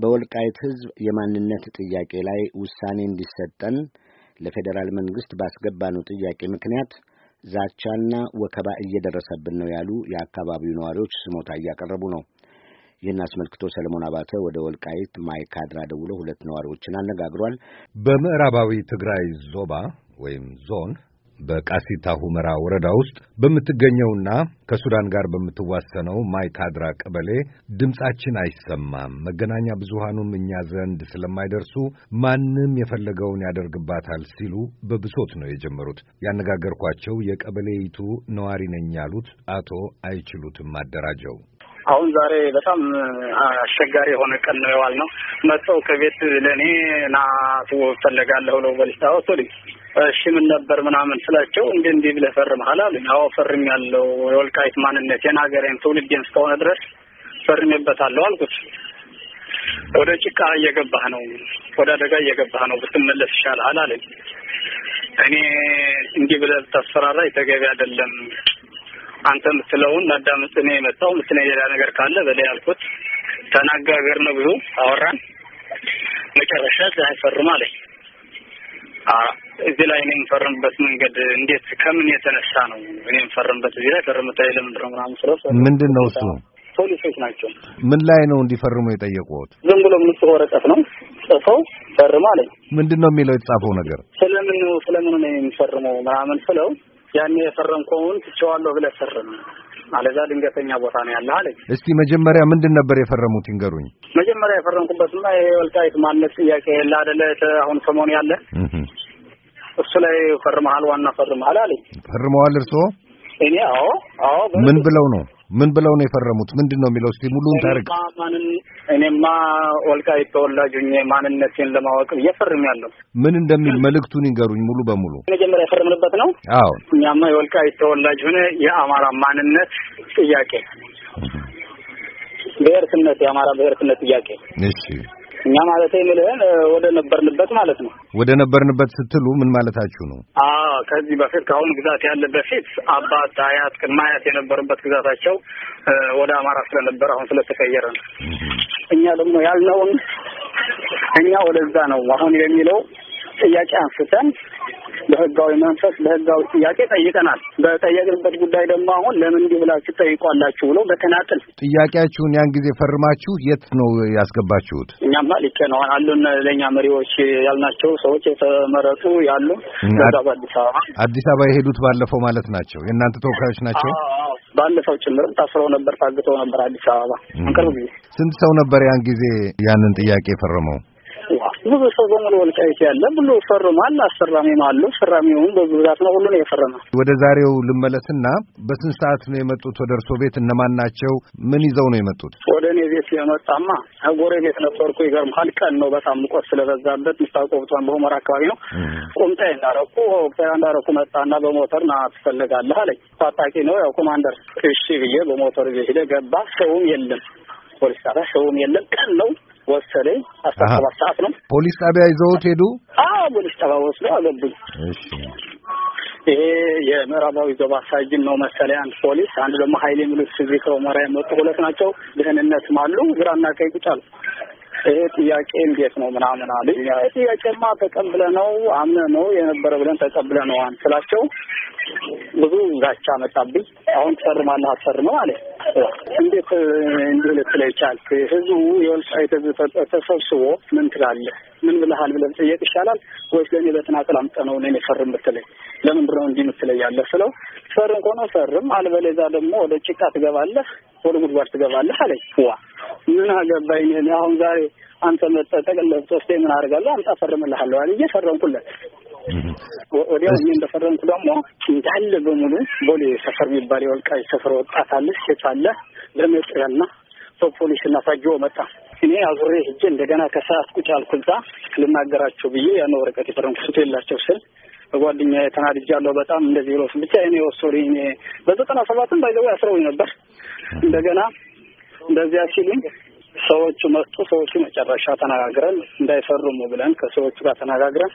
በወልቃይት ሕዝብ የማንነት ጥያቄ ላይ ውሳኔ እንዲሰጠን ለፌዴራል መንግስት ባስገባነው ጥያቄ ምክንያት ዛቻና ወከባ እየደረሰብን ነው ያሉ የአካባቢው ነዋሪዎች ስሞታ እያቀረቡ ነው። ይህን አስመልክቶ ሰለሞን አባተ ወደ ወልቃይት ማይካድራ ደውሎ ሁለት ነዋሪዎችን አነጋግሯል። በምዕራባዊ ትግራይ ዞባ ወይም ዞን በቃሲታ ሁመራ ወረዳ ውስጥ በምትገኘውና ከሱዳን ጋር በምትዋሰነው ማይካድራ ቀበሌ ድምፃችን አይሰማም፣ መገናኛ ብዙሃኑም እኛ ዘንድ ስለማይደርሱ ማንም የፈለገውን ያደርግባታል ሲሉ በብሶት ነው የጀመሩት። ያነጋገርኳቸው የቀበሌይቱ ነዋሪ ነኝ ያሉት አቶ አይችሉትም አደራጀው አሁን ዛሬ በጣም አስቸጋሪ የሆነ ቀን ነው የዋል ነው። መጥተው ከቤት ለእኔ ና ፈለጋለሁ ነው በሊስታ ወሰዱኝ። እሺ ምን ነበር ምናምን ስላቸው እንዲ እንዲህ ብለህ ፈርመሃል አሉኝ። አዎ ፈርም ያለው የወልቃይት ማንነቴን ሀገሬን ትውልዴን እስከሆነ ድረስ ፈርሜበታለሁ አልኩት። ወደ ጭቃ እየገባህ ነው፣ ወደ አደጋ እየገባህ ነው፣ ብትመለስ ይሻልሃል አለኝ። እኔ እንዲህ ብለህ ብታስፈራራኝ ተገቢ አይደለም አንተ ምትለውን ማዳመጥ ነው የመጣው። የምትለኝ ሌላ ነገር ካለ በላይ አልኩት። ተናጋገር ነው ብዙ አወራን። መጨረሻ አይፈርም አለኝ። እዚህ ላይ እኔ የምፈርምበት መንገድ እንዴት ከምን የተነሳ ነው እኔ የምፈርምበት? እዚህ ላይ ፈርምታ ለምንድን ነው ምናምን ስለው ምንድን ነው እሱ ፖሊሶች ናቸው። ምን ላይ ነው እንዲፈርሙ የጠየቁት? ዝም ብሎ ንጹህ ወረቀት ነው ጽፈው ፈርም አለኝ። ምንድን ነው የሚለው የተጻፈው ነገር? ስለምን ስለምን ነው የሚፈርመው ምናምን ስለው ያኔ የፈረምከውን ትቼዋለሁ ብለህ ፈርም፣ አለዛ ድንገተኛ ቦታ ነው ያለ አለኝ። እስቲ መጀመሪያ ምንድን ነበር የፈረሙት ይንገሩኝ። መጀመሪያ የፈረምኩበትማ ይሄ ወልቃይት ማንነት ጥያቄ የለ አደለ አሁን ሰሞኑ ያለ እሱ ላይ ፈርመሃል፣ ዋና ፈርመሃል አለኝ። ፈርመዋል እርስዎ? እኔ አዎ አዎ። ምን ብለው ነው ምን ብለው ነው የፈረሙት? ምንድን ነው የሚለው? እስቲ ሙሉን ታርግ። እኔማ ወልቃይት ተወላጅ ሁኜ ማንነቴን ለማወቅ እየፈርም ያለው ምን እንደሚል መልእክቱን ይንገሩኝ ሙሉ በሙሉ። መጀመሪያ የፈረምንበት ነው። አዎ እኛማ የወልቃይት ተወላጅ ሆነ የአማራ ማንነት ጥያቄ ብሔርትነት የአማራ ብሔርትነት ጥያቄ እሺ እኛ ማለት የምልህን ወደ ነበርንበት ማለት ነው። ወደ ነበርንበት ስትሉ ምን ማለታችሁ ነው? አዎ ከዚህ በፊት ከአሁኑ ግዛት ያለ በፊት አባት፣ አያት፣ ቅድመ አያት የነበሩበት ግዛታቸው ወደ አማራ ስለነበረ አሁን ስለተቀየረ ነው። እኛ ደግሞ ያልነውን እኛ ወደዛ ነው አሁን የሚለው ጥያቄ አንስተን በህጋዊ መንፈስ በህጋዊ ጥያቄ ጠይቀናል። በጠየቅንበት ጉዳይ ደግሞ አሁን ለምን እንዲህ ብላችሁ ጠይቋላችሁ ብሎ በተናጥል ጥያቄያችሁን ያን ጊዜ ፈርማችሁ የት ነው ያስገባችሁት? እኛማ ልኬ ነው አሉን ለእኛ መሪዎች ያልናቸው ሰዎች የተመረጡ ያሉ በአዲስ አበባ አዲስ አበባ የሄዱት ባለፈው ማለት ናቸው የእናንተ ተወካዮች ናቸው። ባለፈው ጭምርም ታስረው ነበር ታግተው ነበር አዲስ አበባ ቅርብ ጊዜ። ስንት ሰው ነበር ያን ጊዜ ያንን ጥያቄ የፈረመው? ብዙ ሰው በሙሉ ወልቃይት ያለ ብሎ ፈርሟል። አስፈራሚም አሉ። ፈራሚውም በብዛት ነው፣ ሁሉ ነው የፈረመ። ወደ ዛሬው ልመለስና በስንት ሰዓት ነው የመጡት ወደ እርሶ ቤት? እነማን ናቸው? ምን ይዘው ነው የመጡት? ወደ እኔ ቤት የመጣማ አጎሬ ጎረቤት ነበርኩ። ይገርምሃል፣ ቀን ነው በጣም ሙቀት ስለበዛበት ምስራቅ ቆብቷን በሁመራ አካባቢ ነው። ቁምጣ እንዳረኩ ወቅታ እንዳረኩ መጣና በሞተር ና ትፈልጋለህ አለኝ። ታጣቂ ነው ያው ኮማንደር። እሺ ብዬ በሞተር ሄደ ገባ። ሰውም የለም ፖሊስ ጣቢያ ሰውም የለም። ቀን ነው ወሰደኝ። አስራ ሰባት ሰዓት ነው። ፖሊስ ጣቢያ ይዘውት ሄዱ። አዎ ፖሊስ ጣቢያ ወስደው አገቡኝ። ይሄ የምዕራባዊ ዞባ ሳጅን ነው መሰለኝ፣ አንድ ፖሊስ፣ አንድ ደግሞ ሀይሌ ሚሉት ዚክሮ መራ የመጡ ሁለት ናቸው። ደህንነትም አሉ። ግራና ቀይ ቁጫሉ ይሄ ጥያቄ እንዴት ነው ምናምን አለ። ጥያቄማ ተቀብለ ነው አምነ ነው የነበረ ብለን ተቀብለ ነው ስላቸው ብዙ ዛቻ መጣብኝ። አሁን ትፈርማለህ አትፈርምም አለ። እንዴት እንዲህ ልትለይ ቻልክ? ህዝቡ የወልቃይት ህዝብ ተሰብስቦ ምን ትላለህ ምን ብለሃል ብለህ ብጠየቅ ይሻላል ወይስ ለእኔ በተናጠል አምጥተህ ነው እኔን የፈርም ብትለኝ ለምንድን ነው እንዲህ ያለ ስለው ፈርም ከሆነ ፈርም፣ አልበለዛ ደግሞ ወደ ጭቃ ትገባለህ፣ ወደ ጉድጓድ ትገባለህ አለኝ። ዋ ምን አገባኝ እኔ አሁን ዛሬ አንተ መጠጠቅለት ሶስቴ ምን አደርጋለሁ? አምጣ ፈርምልሃለሁ አልዬ ፈረምኩለት። ወዲያው እኔ እንደፈረምኩ ደግሞ እንዳለ በሙሉ ቦሌ ሰፈር የሚባል የወልቃይ ሰፈር ወጣት አለ ሴት አለ በመጥሪያና በፖሊስና ፋጅ መጣ እኔ አዙሬ ሄጄ እንደገና ከሰዓት ቁጭ አልኩዛ ልናገራቸው ብዬ ያን ወረቀት የፈረምኩት የላቸው ስል በጓደኛ ተናድጃለሁ በጣም እንደዚህ ብሎ ብቻ እኔ ወሶሪ እኔ በዘጠና ሰባትም ባይዘው አስረውኝ ነበር። እንደገና እንደዚያ ሲሉኝ ሰዎቹ መጡ። ሰዎቹ መጨረሻ ተነጋግረን እንዳይፈርሙ ብለን ከሰዎቹ ጋር ተነጋግረን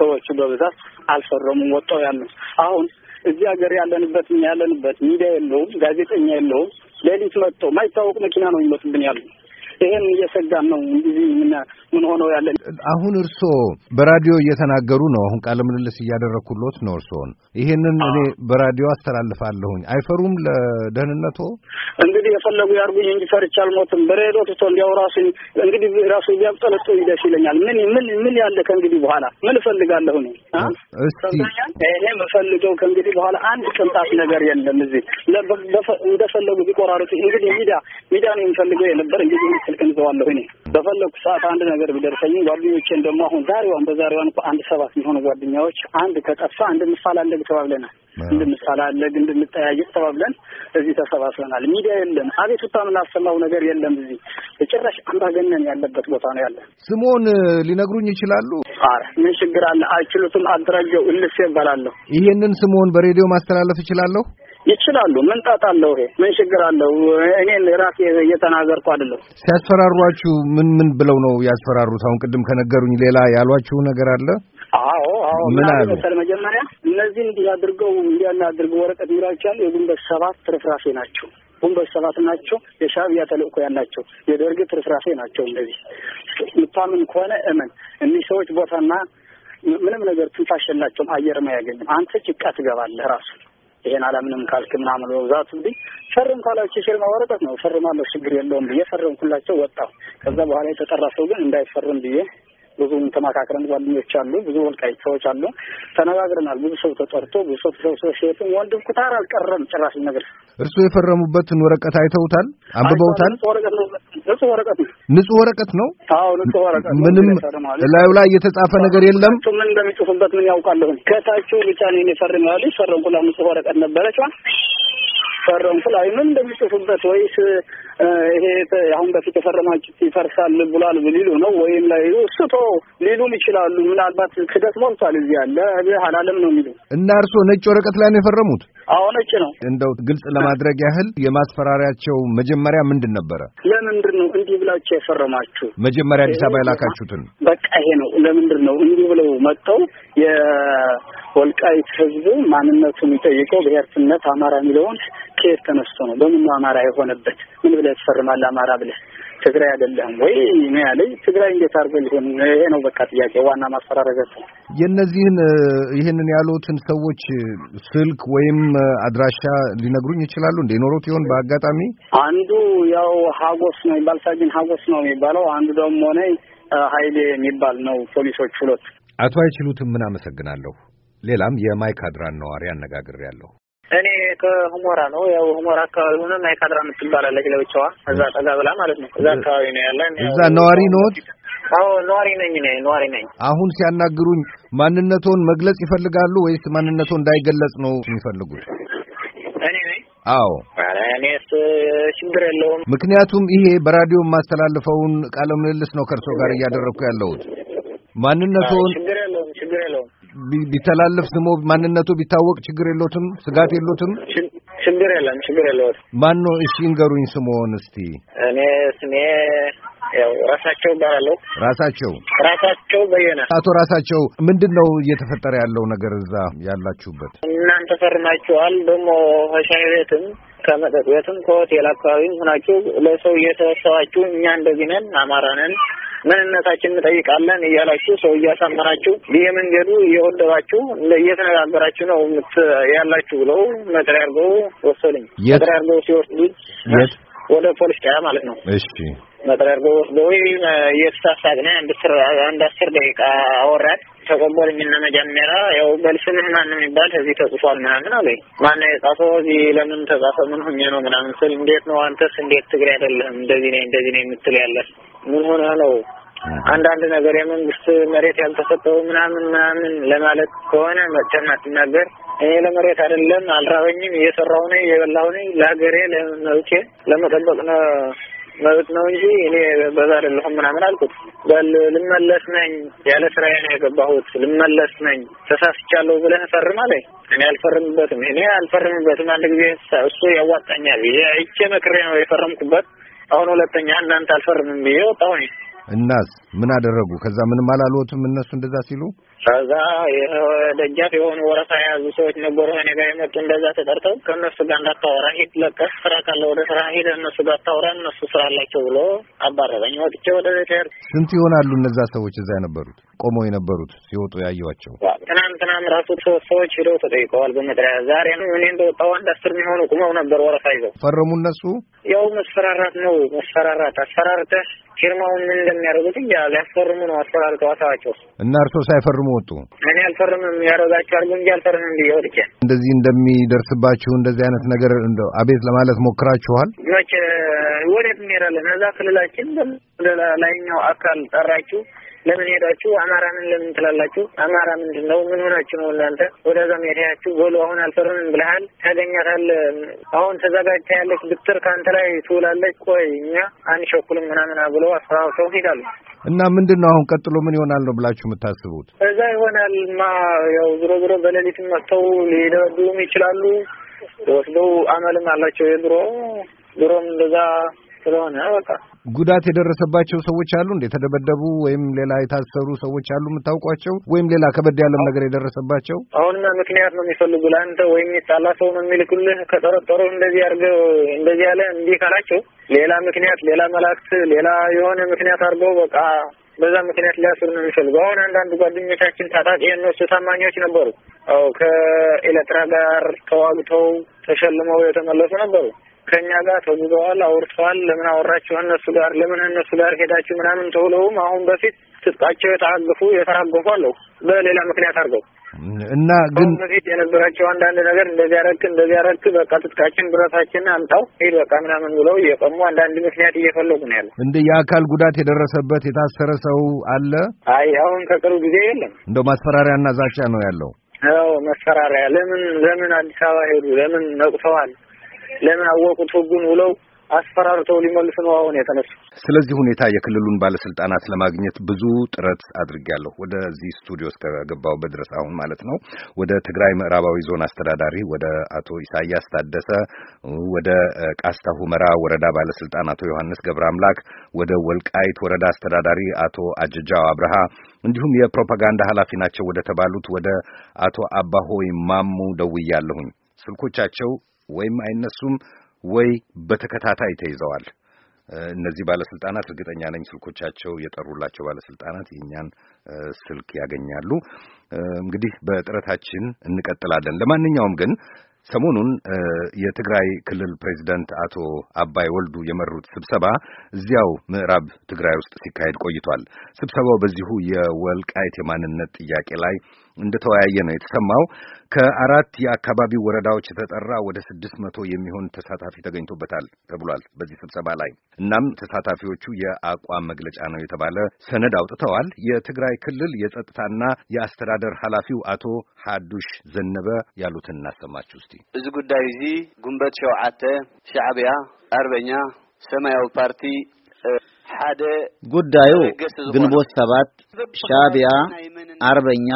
ሰዎቹ በብዛት አልፈረሙም፣ ወጣው ያሉ አሁን እዚህ ሀገር ያለንበት ያለንበት ሚዲያ የለውም፣ ጋዜጠኛ የለውም። ሌሊት መጥተው ማይታወቅ መኪና ነው የሚመጡብን ያሉ ይሄን እየሰጋን ነው እንግዲህ ምን ሆነው ያለን። አሁን እርስዎ በራዲዮ እየተናገሩ ነው። አሁን ቃለ ምልልስ እያደረግኩሎት ነው እርስዎን። ይሄንን እኔ በራዲዮ አስተላልፋለሁኝ። አይፈሩም? ለደህንነቶ እንግዲህ የፈለጉ ያርጉኝ እንጂ ፈርቼ አልሞትም። በሬዲዮ ትቶ እንዲያው ራሱ እንግዲህ ራሱ ቢያብጠለጡ ይደስ ይለኛል። ምን ምን ምን ያለ ከእንግዲህ በኋላ ምን እፈልጋለሁ ነው እስቲ እኔ የምፈልገው ከእንግዲህ በኋላ አንድ ቅንጣት ነገር የለም። እዚህ እንደፈለጉ ቢቆራርጡ እንግዲህ ሚዲያ ሚዲያ ነው የምፈልገው የነበር እንግዲህ ስልክም ገንዘዋለሁ እኔ በፈለግኩ ሰዓት አንድ ነገር ቢደርሰኝ ጓደኞቼን ደግሞ አሁን ዛሬዋን በዛሬዋን እኮ አንድ ሰባት የሚሆኑ ጓደኛዎች አንድ ከጠፋ እንድንፈላለግ ተባብለናል። እንድንፈላለግ እንድንጠያየቅ ተባብለን እዚህ ተሰባስበናል። ሚዲያ የለም፣ አቤቱታ የምናሰማው ነገር የለም። እዚህ በጭራሽ አምባገነን ያለበት ቦታ ነው ያለ። ስሞን ሊነግሩኝ ይችላሉ? አረ ምን ችግር አለ? አይችሉትም። አደራጀው እልሴ ይባላለሁ። ይሄንን ስሞን በሬዲዮ ማስተላለፍ እችላለሁ? ይችላሉ። ምን ጣጣ አለው? ይሄ ምን ችግር አለው? እኔን ራሴ እየተናገርኩ አይደለም። ሲያስፈራሯችሁ ምን ምን ብለው ነው ያስፈራሩት? አሁን ቅድም ከነገሩኝ ሌላ ያሏችሁ ነገር አለ? አዎ አዎ፣ ምን አሉ? መጀመሪያ እነዚህ እንዲህ አድርገው እንዲህ አድርገው ወረቀት ይላቸዋል። የግንቦት ሰባት ትርፍራፊ ናቸው ግንቦት ሰባት ናቸው። የሻዕቢያ ተልእኮ ያላቸው የደርግ ትርፍራፌ ናቸው። እንደዚህ ምታምን ከሆነ እመን። እኒህ ሰዎች ቦታና ምንም ነገር ትንፋሽ የላቸውም። አየርም አያገኝም። አንተ ጭቃ ትገባለህ ራሱ ይሄን አላምንም ካልክ ምናምን በብዛት እንግዲህ ፈርም ካላቸው የፊርማ ወረቀት ነው። ፈርማለሁ፣ ችግር የለውም ብዬ ፈርምኩላቸው ወጣሁ። ከዛ በኋላ የተጠራ ሰው ግን እንዳይፈርም ብዬ ብዙም ተመካክረን ጓደኞች አሉ፣ ብዙ ወልቃይት ሰዎች አሉ፣ ተነጋግረናል። ብዙ ሰው ተጠርቶ ብዙ ሰው ተሰብስቦ ሲሄድም ወንድም ኩታር አልቀረም ጭራሽ ነገር። እርስዎ የፈረሙበትን ወረቀት አይተውታል? አንብበውታል? ንጹህ ወረቀት ነው። ንጹህ ወረቀት ነው። አዎ ንጹህ ወረቀት ምንም ላዩ ላይ የተጻፈ ነገር የለም። ምን እንደሚጽፉበት ምን ያውቃለሁ። ከታችሁ ብቻ ነው የሚፈርም ያሉ ፈረምኩላ ንጹህ ወረቀት ነበረች ፈረምኩላ ምን እንደሚጽፉበት ወይስ ይሄ አሁን በፊት የፈረማችሁት ይፈርሳል ብሏል ሊሉ ነው ወይም ላይ ስቶ ሊሉም ይችላሉ። ምናልባት ክደት ሞልቷል እዚህ ያለ አላለም ነው የሚሉ እና እርስዎ ነጭ ወረቀት ላይ ነው የፈረሙት? አዎ ነጭ ነው። እንደው ግልጽ ለማድረግ ያህል የማስፈራሪያቸው መጀመሪያ ምንድን ነበረ? ለምንድን ነው እንዲህ ብላችሁ የፈረማችሁ? መጀመሪያ አዲስ አበባ የላካችሁትን በቃ ይሄ ነው። ለምንድን ነው እንዲህ ብለው መጥተው ወልቃይት ህዝብ ማንነቱ የሚጠይቀው ብሔርትነት አማራ የሚለውን ከየት ተነስቶ ነው? በምን ነው አማራ የሆነበት? ምን ብለህ ትፈርማለህ አማራ ብለህ? ትግራይ አይደለም ወይ ነው ያለኝ። ትግራይ እንዴት አድርገህ ሊሆን? ይሄ ነው በቃ ጥያቄ፣ ዋና ማስፈራረጋቸው። የእነዚህን ይህንን ያሉትን ሰዎች ስልክ ወይም አድራሻ ሊነግሩኝ ይችላሉ? እንደ ኖሮት ይሆን በአጋጣሚ? አንዱ ያው ሀጎስ ነው የሚባል ሳጅን ሀጎስ ነው የሚባለው፣ አንዱ ደግሞ ነ ሀይሌ የሚባል ነው። ፖሊሶች ሁለት አቶ አይችሉትም። ምን አመሰግናለሁ። ሌላም የማይካድራን ነዋሪ አነጋግሬያለሁ። እኔ ከሁሞራ ነው። ያው ሁሞራ አካባቢ ሆነ ማይካድራ የምትባላለች ለብቻዋ እዛ ጠጋ ብላ ማለት ነው። እዛ አካባቢ ነው ያለን። እዛ ነዋሪ ኖት? አዎ ነዋሪ ነኝ እኔ ነዋሪ ነኝ። አሁን ሲያናግሩኝ ማንነቶን መግለጽ ይፈልጋሉ ወይስ ማንነቶ እንዳይገለጽ ነው የሚፈልጉት? አዎ እኔስ ችግር የለውም። ምክንያቱም ይሄ በራዲዮ የማስተላልፈውን ቃለ ምልልስ ነው ከእርሶ ጋር እያደረግኩ ያለሁት ማንነቶን ቢተላለፍ ስሞ ማንነቱ ቢታወቅ ችግር የሎትም? ስጋት የሎትም? ችግር የለም። ችግር የለውም። ማን ነው? እሺ እንገሩኝ ስሞን እስቲ። እኔ ስሜ ያው ራሳቸው እባላለሁ። ራሳቸው ራሳቸው በየነ። አቶ ራሳቸው ምንድን ነው እየተፈጠረ ያለው ነገር እዛ ያላችሁበት? እናንተ ፈርማችኋል ደግሞ ሻይ ቤትም ከመጠጥ ቤትም ከሆቴል አካባቢም ሆናችሁ ለሰው እየተሰባችሁ እኛ እንደዚህ ነን አማራ ነን ምንነታችን እንጠይቃለን እያላችሁ ሰው እያሳመናችሁ በየመንገዱ እየወደባችሁ እየተነጋገራችሁ ነው ያላችሁ ብለው መጥሪያ አድርገው ወሰዱኝ። መጥሪያ አድርገው ሲወስዱኝ ወደ ፖሊስ ጣቢያ ማለት ነው። እሺ መጥሪያ አድርገው ወስደው እየተሳሳቅን አንድ አስር ደቂቃ አወራት ተቀበልኝና መጀመሪያ ያው በልስንህ ማን የሚባል እዚህ ተጽፏል ምናምን አለኝ። ማነው የጻፈው? እዚህ ለምን ተጻፈ? ምን ሁኜ ነው ምናምን ስል እንዴት ነው አንተስ እንዴት ትግሬ አይደለህም እንደዚህ ነኝ እንደዚህ ነኝ የምትል ያለህ ምን ሆነ ነው አንዳንድ ነገር የመንግስት መሬት ያልተሰጠው ምናምን ምናምን ለማለት ከሆነ መቼም አትናገር። እኔ ለመሬት አይደለም አልራበኝም፣ እየሰራሁ ነኝ፣ እየበላሁ ነኝ። ለሀገሬ ለመብቴ ለመጠበቅ ነው መብት ነው እንጂ እኔ በዛ አይደለሁም ምናምን አልኩት። በል ልመለስ ነኝ ያለ ስራዬ ነው የገባሁት። ልመለስ ነኝ ተሳስቻለሁ ብለህ ፈርም አለኝ። እኔ አልፈርምበትም፣ እኔ አልፈርምበትም። አንድ ጊዜ እሱ ያዋጣኛል ይሄ አይቼ መክሬ ነው የፈረምኩበት። አሁን ሁለተኛ እናንተ አልፈርምም ብዬ ወጣሁኝ። እናስ ምን አደረጉ? ከዛ ምንም አላልዎትም እነሱ እንደዛ ሲሉ ከዛ ደጃፍ የሆኑ ወረፋ የያዙ ሰዎች ነበሩ እኔ ጋር የመጡ እንደዛ ተጠርተው ከእነሱ ጋር እንዳታወራ ሂድ፣ ለቀህ ስራ ካለ ወደ ስራ ሂድ፣ እነሱ ጋር አታወራ፣ እነሱ ስራ አላቸው ብሎ አባረረኝ። ወጥቼ ወደ ቤት ስንት ይሆናሉ እነዛ ሰዎች እዛ የነበሩት ቆመው የነበሩት ሲወጡ ያየኋቸው ትናንትናም ራሱ ሰዎች ሂደው ተጠይቀዋል በመጠሪያ ዛሬ ነው እኔ እንደወጣሁ አንድ አስር የሚሆኑ ቁመው ነበር ወረፋ ይዘው ፈረሙ። እነሱ ያው መስፈራራት ነው መስፈራራት፣ አስፈራርተህ ፊርማውን ምን እንደሚያደርጉት እያ ሊያስፈርሙ ነው አስፈራርተው አሳዋቸው እና እርሶ ሳይፈርሙ ወጡ። እኔ አልፈርምም ያደረጋቸው አድርጉ እንጂ አልፈርምም ብዬ ወድቄ እንደዚህ እንደሚደርስባችሁ እንደዚህ አይነት ነገር እንደ አቤት ለማለት ሞክራችኋል? መቼ ወዴት እንሄዳለን? እዛ ክልላችን ላይኛው አካል ጠራችሁ ለምን ሄዳችሁ አማራ ምን ለምን ትላላችሁ? አማራ ምንድን ነው? ምን ሆናችሁ ነው እናንተ ወደዛ ሄዳችሁ? በሉ አሁን አልፈርምም ብለሃል፣ ታገኛታል። አሁን ተዘጋጅታ ያለች ብትር ከአንተ ላይ ትውላለች። ቆይ እኛ አንሸኩልም ምናምን ብሎ አስፈራርተው ሄዳሉ። እና ምንድን ነው አሁን ቀጥሎ ምን ይሆናል ነው ብላችሁ የምታስቡት? እዛ ይሆናል ማ ያው ዞሮ ዞሮ በሌሊት መጥተው ሊደበድቡም ይችላሉ። ወስደው አመልም አላቸው የድሮ ድሮም እንደዛ ስለሆነ በቃ ጉዳት የደረሰባቸው ሰዎች አሉ እንዴ? የተደበደቡ ወይም ሌላ የታሰሩ ሰዎች አሉ የምታውቋቸው? ወይም ሌላ ከበድ ያለም ነገር የደረሰባቸው? አሁንና ምክንያት ነው የሚፈልጉ ለአንተ ወይም የሚጣላ ሰው ነው የሚልኩልህ። ከጠረጠሩ እንደዚህ አድርገው እንደዚህ ያለ እንዲህ ካላቸው ሌላ ምክንያት፣ ሌላ መላእክት፣ ሌላ የሆነ ምክንያት አድርገው በቃ በዛ ምክንያት ሊያስሩ ነው የሚፈልጉ። አሁን አንዳንድ ጓደኞቻችን ታጣቂ የነሱ ታማኞች ነበሩ። አዎ ጋር ተዋግተው ተሸልመው የተመለሱ ነበሩ። ከእኛ ጋር ተጉዘዋል፣ አውርተዋል። ለምን አወራችሁ እነሱ ጋር ለምን እነሱ ጋር ሄዳችሁ ምናምን ተብለውም አሁን በፊት ትጥቃቸው የታገፉ የተራገፉ አለው በሌላ ምክንያት አድርገው እና ግን በፊት የነበራቸው አንዳንድ ነገር እንደዚህ ረክ እንደዚህ ረክ በቃ ትጥቃችን ብረታችን አምጣው ይህ በቃ ምናምን ብለው እየቀሙ አንዳንድ ምክንያት እየፈለጉ ነው ያለው። እንደ የአካል ጉዳት የደረሰበት የታሰረ ሰው አለ? አይ አሁን ከቅርብ ጊዜ የለም። እንደው ማስፈራሪያና ዛቻ ነው ያለው። ያው ማስፈራሪያ ለምን ለምን አዲስ አበባ ሄዱ ለምን ነቁተዋል ለምን አወቁት ህጉን ብለው አስፈራርተው ሊመልስ ነው አሁን የተነሱ። ስለዚህ ሁኔታ የክልሉን ባለስልጣናት ለማግኘት ብዙ ጥረት አድርጌያለሁ፣ ወደዚህ ስቱዲዮ እስከገባው ድረስ አሁን ማለት ነው። ወደ ትግራይ ምዕራባዊ ዞን አስተዳዳሪ ወደ አቶ ኢሳያስ ታደሰ፣ ወደ ቃስታ ሁመራ ወረዳ ባለስልጣን አቶ ዮሐንስ ገብረ አምላክ፣ ወደ ወልቃይት ወረዳ አስተዳዳሪ አቶ አጀጃው አብርሃ እንዲሁም የፕሮፓጋንዳ ኃላፊ ናቸው ወደ ተባሉት ወደ አቶ አባሆይ ማሙ ደውያለሁኝ ስልኮቻቸው ወይም አይነሱም ወይ በተከታታይ ተይዘዋል። እነዚህ ባለስልጣናት እርግጠኛ ነኝ ስልኮቻቸው የጠሩላቸው ባለስልጣናት የእኛን ስልክ ያገኛሉ። እንግዲህ በጥረታችን እንቀጥላለን። ለማንኛውም ግን ሰሞኑን የትግራይ ክልል ፕሬዚደንት አቶ አባይ ወልዱ የመሩት ስብሰባ እዚያው ምዕራብ ትግራይ ውስጥ ሲካሄድ ቆይቷል። ስብሰባው በዚሁ የወልቃይት የማንነት ጥያቄ ላይ እንደተወያየ ነው የተሰማው። ከአራት የአካባቢው ወረዳዎች የተጠራ ወደ ስድስት መቶ የሚሆን ተሳታፊ ተገኝቶበታል ተብሏል በዚህ ስብሰባ ላይ። እናም ተሳታፊዎቹ የአቋም መግለጫ ነው የተባለ ሰነድ አውጥተዋል። የትግራይ ክልል የጸጥታና የአስተዳደር ኃላፊው አቶ ሀዱሽ ዘነበ ያሉትን እናሰማችሁ እስቲ። እዚ ጉዳይ እዚ ጉንበት ሸውዓተ ሻዕቢያ አርበኛ ሰማያዊ ፓርቲ ጉዳዩ ግንቦት ሰባት ሻዕቢያ አርበኛ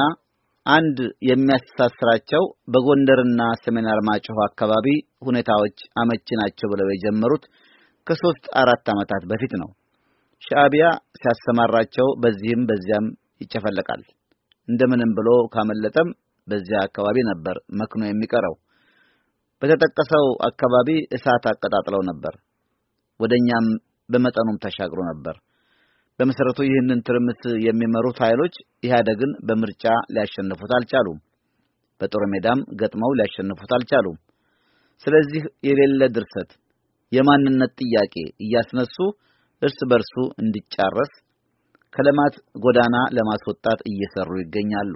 አንድ የሚያስተሳስራቸው በጎንደርና ሰሜን አርማጭሆ አካባቢ ሁኔታዎች አመቺ ናቸው ብለው የጀመሩት ከሶስት አራት ዓመታት በፊት ነው። ሻዕቢያ ሲያሰማራቸው በዚህም በዚያም ይጨፈለቃል። እንደምንም ብሎ ካመለጠም በዚያ አካባቢ ነበር መክኖ የሚቀረው። በተጠቀሰው አካባቢ እሳት አቀጣጥለው ነበር። ወደኛም በመጠኑም ተሻግሮ ነበር። በመሰረቱ ይህንን ትርምስ የሚመሩት ኃይሎች ኢህአደግን በምርጫ ሊያሸንፉት አልቻሉም። በጦር ሜዳም ገጥመው ሊያሸንፉት አልቻሉም። ስለዚህ የሌለ ድርሰት፣ የማንነት ጥያቄ እያስነሱ እርስ በርሱ እንዲጫረስ ከልማት ጎዳና ለማስወጣት እየሰሩ ይገኛሉ።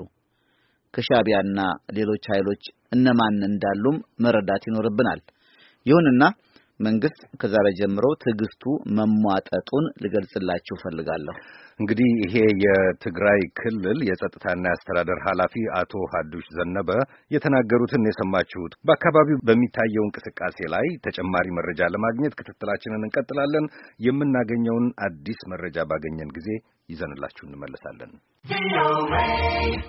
ከሻቢያና ሌሎች ኃይሎች እነማን እንዳሉም መረዳት ይኖርብናል። ይሁንና መንግስት ከዛሬ ጀምሮ ትዕግስቱ መሟጠጡን ልገልጽላችሁ ፈልጋለሁ። እንግዲህ ይሄ የትግራይ ክልል የጸጥታና የአስተዳደር ኃላፊ አቶ ሀዱሽ ዘነበ የተናገሩትን የሰማችሁት። በአካባቢው በሚታየው እንቅስቃሴ ላይ ተጨማሪ መረጃ ለማግኘት ክትትላችንን እንቀጥላለን። የምናገኘውን አዲስ መረጃ ባገኘን ጊዜ ይዘንላችሁ እንመለሳለን።